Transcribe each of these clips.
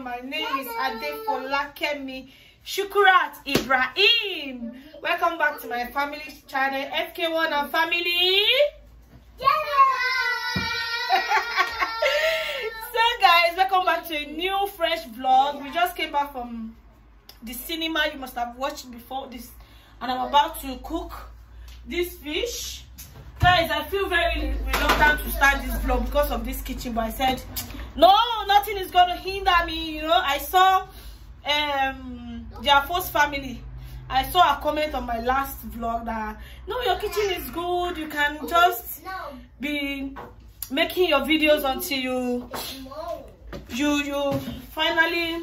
My name is Adefola Kemi Shukurat Ibrahim. Welcome back to my family channel, FK1 and Family. so guys, welcome back to a new fresh vlog. We just came back from the cinema you must have watched before this and I'm about to cook this fish guys i feel very reluctant to start this vlog because of this kitchen but i said no, nothing is going to hinder me. You know, I saw um, their first family. I saw a comment on my last vlog that, no, your kitchen is good. You can just be making your videos until you, you, you finally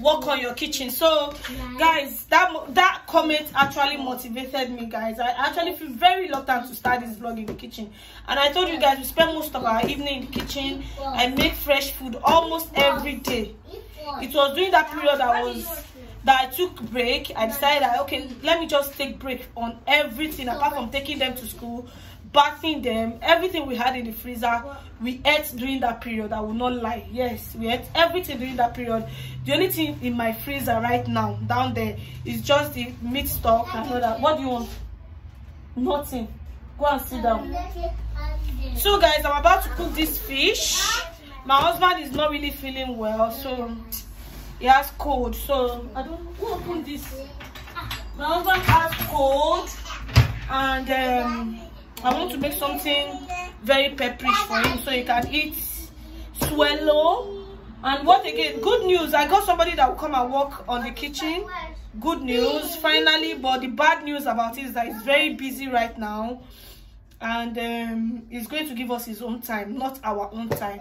work on your kitchen so guys that that comment actually motivated me guys i actually feel very reluctant to start this vlog in the kitchen and i told you guys we spend most of our evening in the kitchen i make fresh food almost every day it was during that period i was that I took break. I decided that okay, let me just take break on everything apart from taking them to school, bathing them everything we had in the freezer we ate during that period i will not lie yes we ate everything during that period the only thing in my freezer right now down there is just the meat stock and all that what do you want nothing go and sit down so guys i'm about to cook this fish my husband is not really feeling well so he has cold so i don't who opened this my husband has cold and um I want to make something very pepperish for him so he can eat swallow. And what again? Good news. I got somebody that will come and work on the kitchen. Good news, finally. But the bad news about it is that he's very busy right now. And um, he's going to give us his own time, not our own time.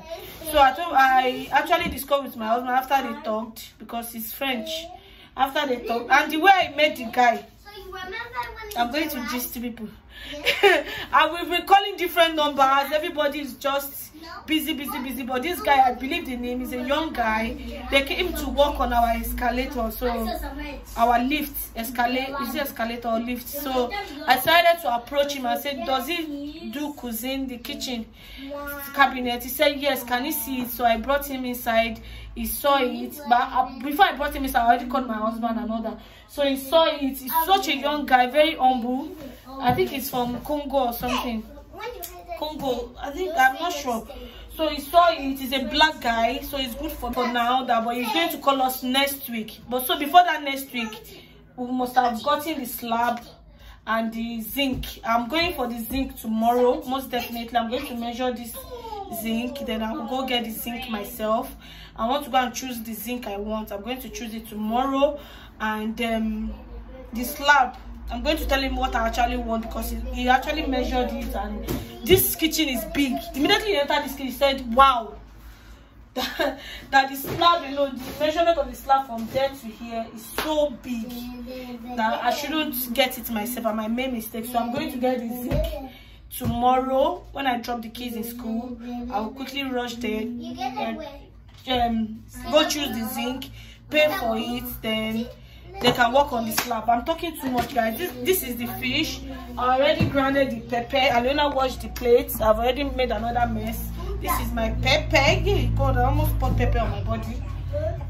So I, told, I actually discovered with my husband after they talked because he's French. After they talked. And the way I met the guy, I'm going to just people. I will be calling different numbers. Everybody is just busy, busy, busy. But this guy, I believe the name is a young guy. They came to work on our escalator, so our lift escalator. Is it escalator or lift? So I decided to approach him. I said, "Does he do cuisine, the kitchen cabinet?" He said, "Yes." Can he see? It? So I brought him inside he saw it but I, uh, before i brought him inside i already called my husband and all that so he saw it he's such a young guy very humble i think he's from congo or something congo i think i'm not sure so he saw it is a black guy so it's good for, for now that but he's going to call us next week but so before that next week we must have gotten the slab and the zinc i'm going for the zinc tomorrow most definitely i'm going to measure this zinc then i'll go get the zinc myself I want to go and choose the zinc I want. I'm going to choose it tomorrow. And um, the slab, I'm going to tell him what I actually want because he, he actually measured it. And this kitchen is big. Immediately he entered this kitchen, he said, wow. that, that the slab alone, the measurement of the slab from there to here is so big that I shouldn't get it myself and my main mistake. So I'm going to get the zinc tomorrow when I drop the kids in school. I'll quickly rush there um, go choose the zinc, pay for it, then they can work on the slab. I'm talking too much, guys. This, this is the fish. I already grounded the pepper. Alona washed the plates. I've already made another mess. This is my pepper. Yeah, God, I almost put pepper on my body.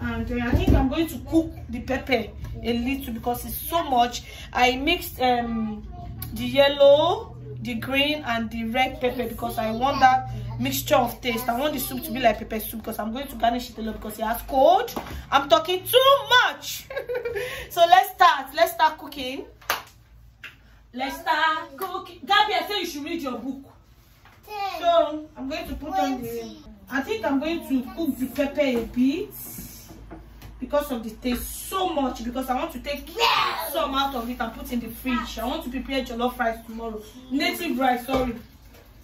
And uh, I think I'm going to cook the pepper a little because it's so much. I mixed um, the yellow, the green, and the red pepper because I want that mixture of taste i want the soup to be like pepper soup because i'm going to garnish it a lot because it has cold i'm talking too much so let's start let's start cooking let's start cooking gabby i say you should read your book so i'm going to put on the i think i'm going to cook the pepper a bit because of the taste so much because I want to take some out of it and put in the fridge. I want to prepare jollof rice tomorrow. Native rice, sorry.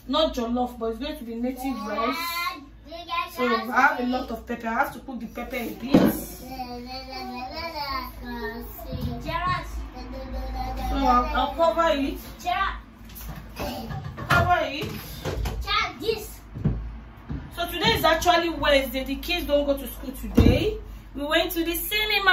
not jollof but it's going to be native rice so I have a lot of pepper I have to put the pepper in bits so I'll, I'll cover it cover it this so today is actually Wednesday the kids don't go to school today we went to the cinemas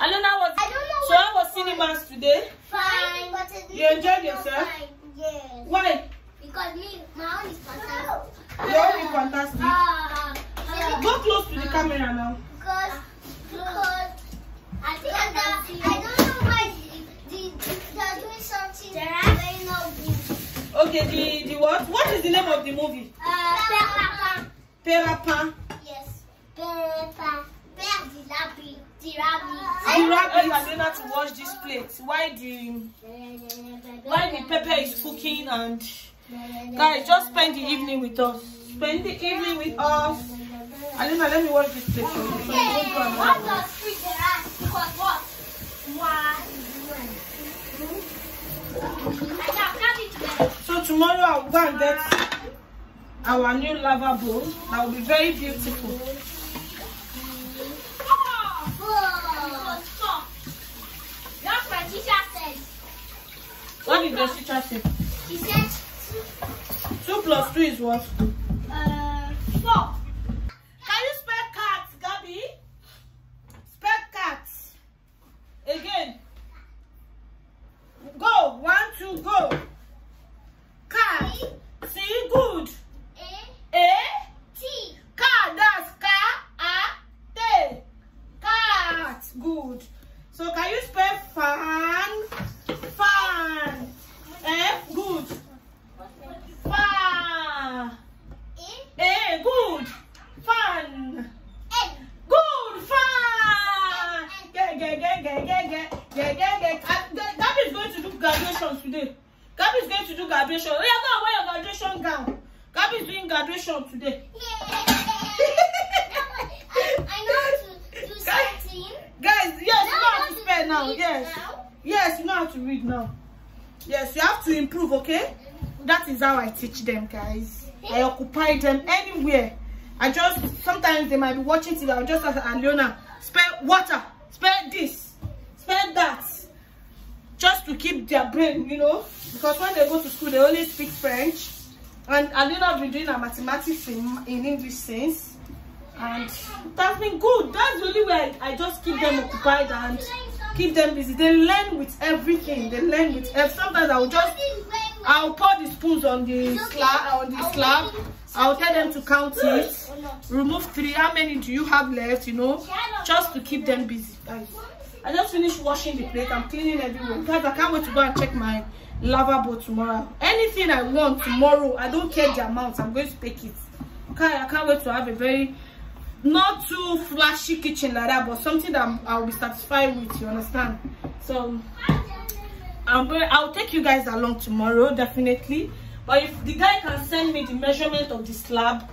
know what. I don't know so how was cinemas today fine you enjoyed yourself fine. yes why because me, my own is fantastic. Your own is fantastic. Uh, uh, Go close to the ah. camera now. Because, because I think that I don't know why they, they, are doing something very no good. Okay, the, the what? What is the name of the movie? Uh, Perapa. Perapa. Yes. Perapa. Where's the rabbit? The rabbit. The rabbit is able to wash this plate. Why the why the pepper is cooking and Guys, just spend the evening with us. Spend the evening with us. Alina, let me wash this plate for you. So you go and So tomorrow I'll go and get our new lava bowl. That will be very beautiful. Oh, what did the teacher say? plus two is what? teach them guys i occupy them anywhere i just sometimes they might be watching tv i'll just ask Aliona spare water spare this spare that just to keep their brain you know because when they go to school they only speak french and Aliona been doing her mathematics in, in english since and that's been good that's really where I, I just keep them occupied and keep them busy they learn with everything they learn with sometimes i will just I'll pour the spoons on the slab. On the slab. I'll tell them to count it. Remove three. How many do you have left? You know, just to keep them busy. Guys. I just finished washing the plate. I'm cleaning everywhere. Guys, I can't wait to go and check my lavabo tomorrow. Anything I want tomorrow, I don't care the amount. I'm going to take it. Okay, I can't wait to have a very not too flashy kitchen like that, but something that I'll be satisfied with. You understand? So. I'm going, I'll take you guys along tomorrow, definitely. But if the guy can send me the measurement of the slab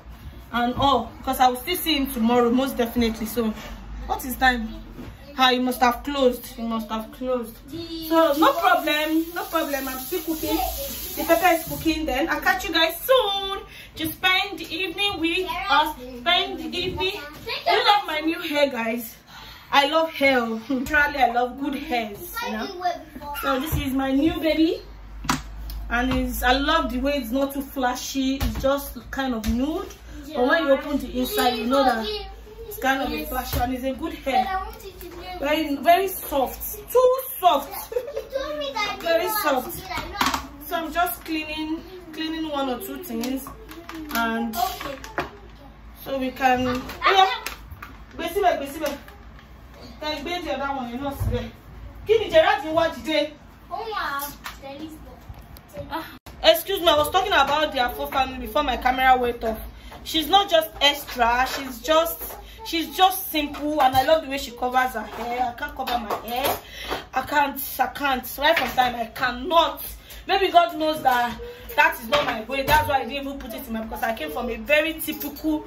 and all, because I will still see him tomorrow, most definitely. So, what is time? Ah, you must have closed. You must have closed. So, no problem. No problem. I'm still cooking. The pepper is cooking then. I'll catch you guys soon. Just spend the evening with us. Spend the evening. You love my new hair, guys. I love hair. Naturally, I love good hairs. You know? So this is my new baby. And it's, I love the way it's not too flashy. It's just kind of nude. Yeah. But when you open the inside, you know that it's kind of a flashy and it's a good hair. Very, very soft. Too soft. very soft. So I'm just cleaning, cleaning one or two things. And so we can... Oh yeah. Basically, basically tẹ gbé ti ọ̀dọ̀ àwọn yẹn náà síbẹ̀ kí ni Gerald Excuse me, I was talking about the Afo family before my camera went off. She's not just extra, she's just she's just simple and I love the way she covers her hair. I can't cover my hair. I can't, I can't. Right from time, I cannot. Maybe God knows that that is not my way. That's why I didn't even put it in my because I came from a very typical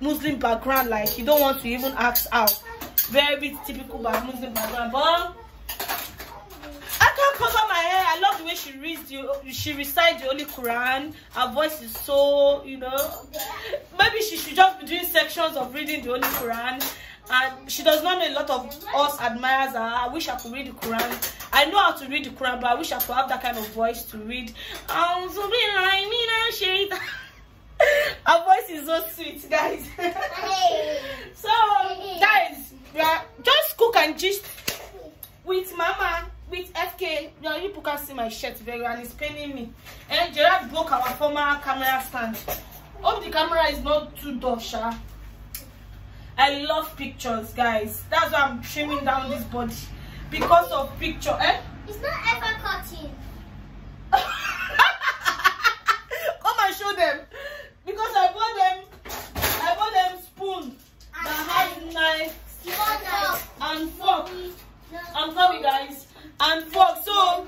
Muslim background. Like you don't want to even ask out. Very typical in background. But I can't cover my hair. I love the way she reads you. She recites the Holy Quran. Her voice is so, you know. Maybe she should just be doing sections of reading the Holy Quran. And she does not know a lot of us admires her. I wish I could read the Quran. I know how to read the Quran, but I wish I could have that kind of voice to read. Um, so Her voice is so sweet, guys. so, guys, yeah, just cook and just with mama with fk you, know, people can see my shirt very well and it's paining me and eh, gerard broke our former camera stand hope the camera is not too dull i love pictures guys that's why i'm trimming down this body because of picture eh it's not ever cutting come and show them i'm sorry guys and fork so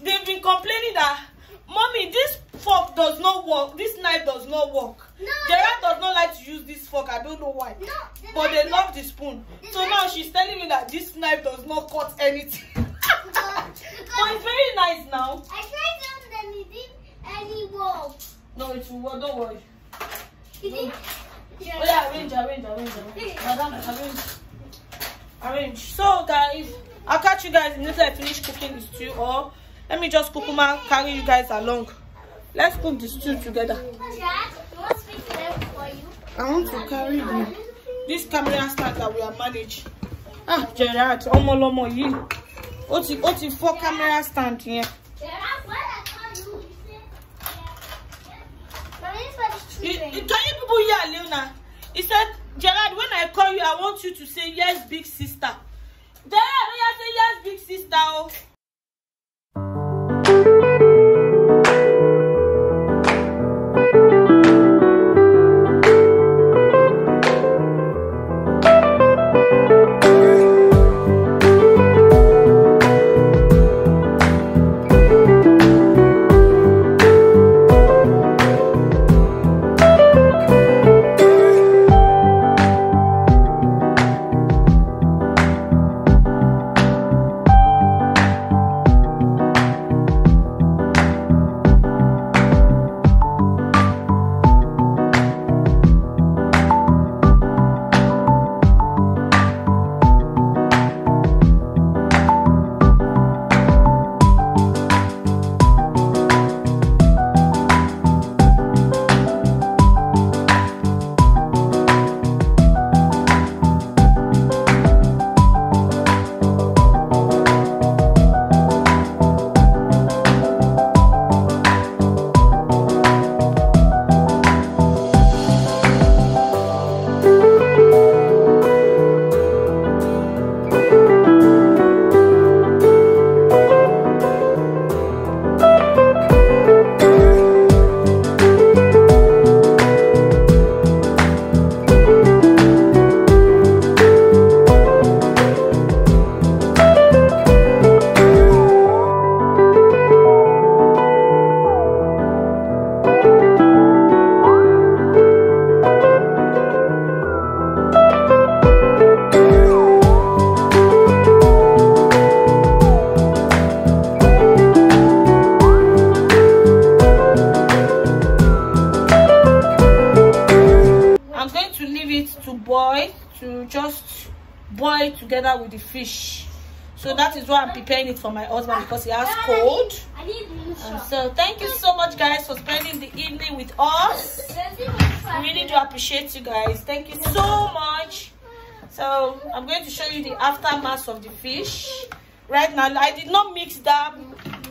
they've been complaining that mommy this fork does not work this knife does not work no, gerard does not like to use this fork i don't know why no, the but they love the spoon the so knife. now she's telling me that this knife does not cut anything but it's very nice now i tried them and it didn't any work no it will work don't worry it no. didn't yeah. oh yeah arrange arrange arrange, arrange. madam arrange arrange so guys i'll catch you guys until i finish cooking the stew or let me just cook and carry you guys along let's cook the stew together i want to carry the, this camera stand that we have managed ah gerard Omo yìí ó ti Oti ti fọ́ camera stand yẹn Can you people hear Leona? He said Gerard, when I call you, I want you to say yes, big sister. There, I say yes, big sister. Oh. to boil to just boil together with the fish so that is why i'm preparing it for my husband because he has cold so thank you so much guys for spending the evening with us really do appreciate you guys thank you so much so i'm going to show you the aftermath of the fish right now i did not mix that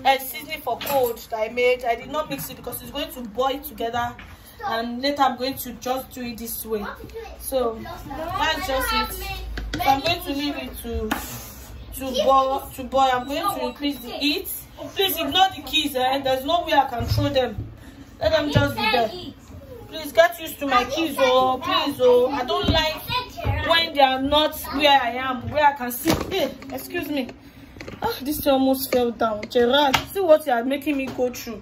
uh, seasoning for cold that i made i did not mix it because it's going to boil together and later i'm going to just do it this way so that's just it so i'm going to leave it to to boil to boil i'm going to increase the heat please ignore the keys eh? there's no way i can throw them let them just be there please get used to my keys oh please oh i don't like when they are not where i am where i can see hey excuse me ah this almost fell down gerard see what you are making me go through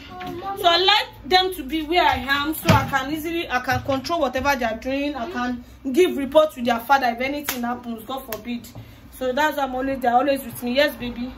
so i like them to be where i am so i can easily i can control whatever they are doing i can give reports to their father if anything happens god forbid so that's why i'm always they're always with me yes baby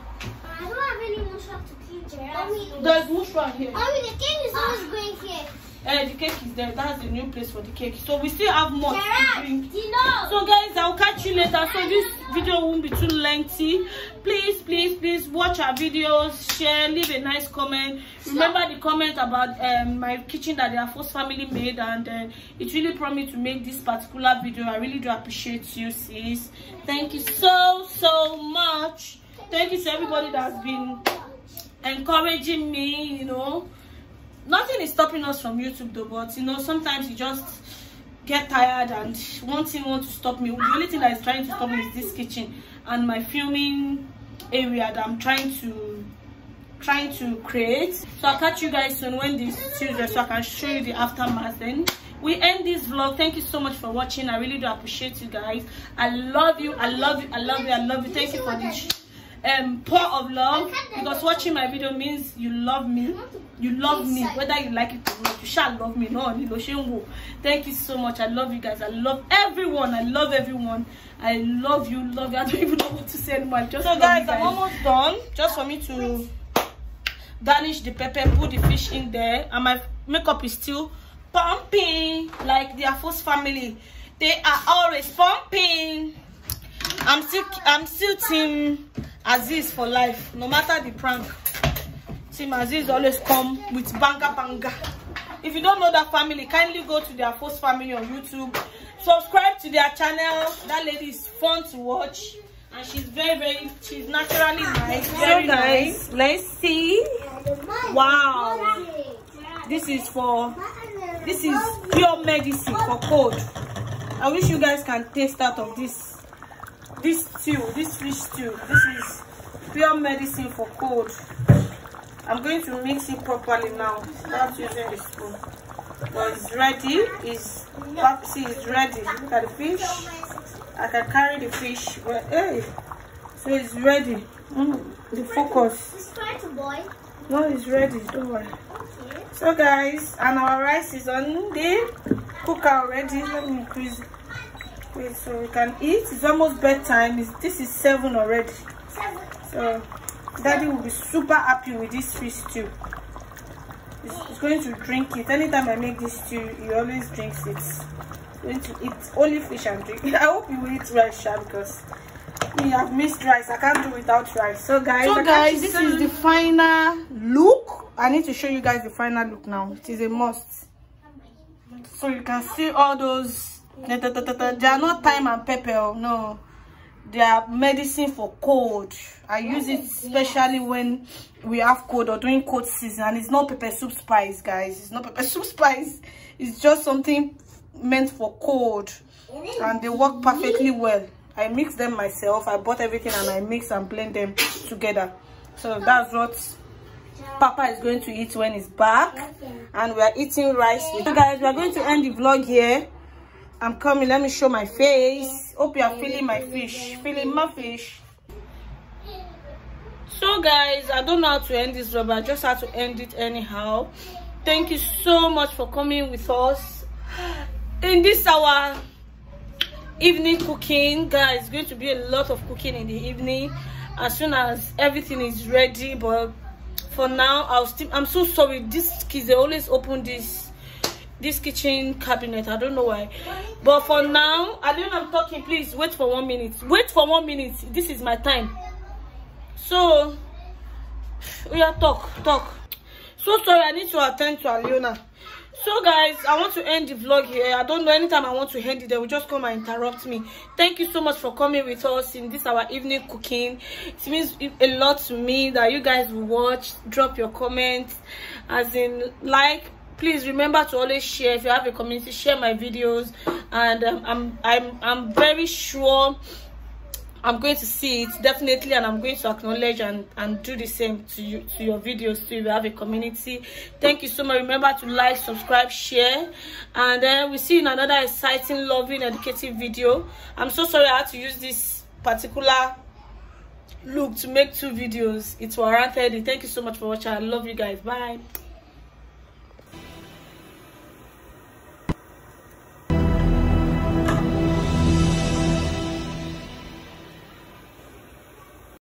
i don't have any mushrock to clean Jerry. there's mushrock here i mean the king is always going here uh, the cake is there. That's the new place for the cake. So we still have more to drink. So guys, I'll catch you later. So this video won't be too lengthy. Please, please, please watch our videos, share, leave a nice comment. Remember the comment about um, my kitchen that the first family made and uh, it really promised to make this particular video. I really do appreciate you, sis. Thank you so, so much. Thank you to everybody that's been encouraging me, you know nothing is stopping us from youtube though but you know sometimes you just get tired and one thing want to stop me the only thing that is trying to stop me is this kitchen and my filming area that i'm trying to trying to create so i'll catch you guys soon when this tuesday so i can show you the aftermath then we end this vlog thank you so much for watching i really do appreciate you guys i love you i love you i love you i love you thank you for this um pour of love because watching my video means you love me you love me whether you like it or not you shall love me no Nilo thank you so much i love you guys i love everyone i love everyone i love you love you i don't even know what to say anymore just so guys, guys i'm almost done just for me to garnish the pepper put the fish in there and my makeup is still pumping like their first family they are always pumping I'm still I'm still team Aziz for life. No matter the prank. Team Aziz always come with banger banger. If you don't know that family, kindly go to their first family on YouTube. Subscribe to their channel. That lady is fun to watch. And she's very, very, she's naturally ah, nice. Very so nice. Let's see. Wow. This is for, this is pure medicine for cold. I wish you guys can taste out of this this stew, this fish stew, this is pure medicine for cold. I'm going to mix it properly now, without using the spoon. But it's ready, it's, see, it's ready. Look at the fish. I can carry the fish. Well, hey, so it's ready. Mm, the focus. It's trying to boil. No, it's ready, don't worry. Okay. So guys, and our rice is on the cooker already. Let me increase it so we can eat. It's almost bedtime. It's, this is seven already. Seven. So daddy will be super happy with this fish stew. He's going to drink it. Anytime I make this stew, he always drinks it. He's going to eat only fish and drink. I hope you will eat rice, Sha, because we have missed rice. I can't do without rice. So guys, so guys, this soon. is the final look. I need to show you guys the final look now. It is a must. So you can see all those Eh, they are not thyme and pepper, oh, no. They are medicine for cold. I use it especially when we have cold or during cold season. And it's not pepper soup spice, guys. It's not pepper soup spice. It's just something meant for cold. And they work perfectly well. I mix them myself. I bought everything and I mix and blend them together. So that's what Papa is going to eat when he's back. And we are eating rice. So guys, we are going to end the vlog here. I'm coming. Let me show my face. Hope you are feeling my fish. Feeling my fish. So guys, I don't know how to end this vlog. I just had to end it anyhow. Thank you so much for coming with us. In this our evening cooking, guys, going to be a lot of cooking in the evening. As soon as everything is ready, but for now, I'll still. I'm so sorry. This kids they always open this this kitchen cabinet i don't know why but for now i know i'm talking please wait for one minute wait for one minute this is my time so we are talk talk so sorry i need to attend to Aliona. so guys i want to end the vlog here i don't know anytime i want to end it they will just come and interrupt me thank you so much for coming with us in this our evening cooking it means a lot to me that you guys will watch drop your comments as in like please remember to always share if you have a community share my videos and um, i'm i'm i'm very sure i'm going to see it definitely and i'm going to acknowledge and and do the same to you to your videos too if you have a community thank you so much remember to like subscribe share and then we'll see you in another exciting loving educative video i'm so sorry i had to use this particular look to make two videos it's warranted thank you so much for watching i love you guys bye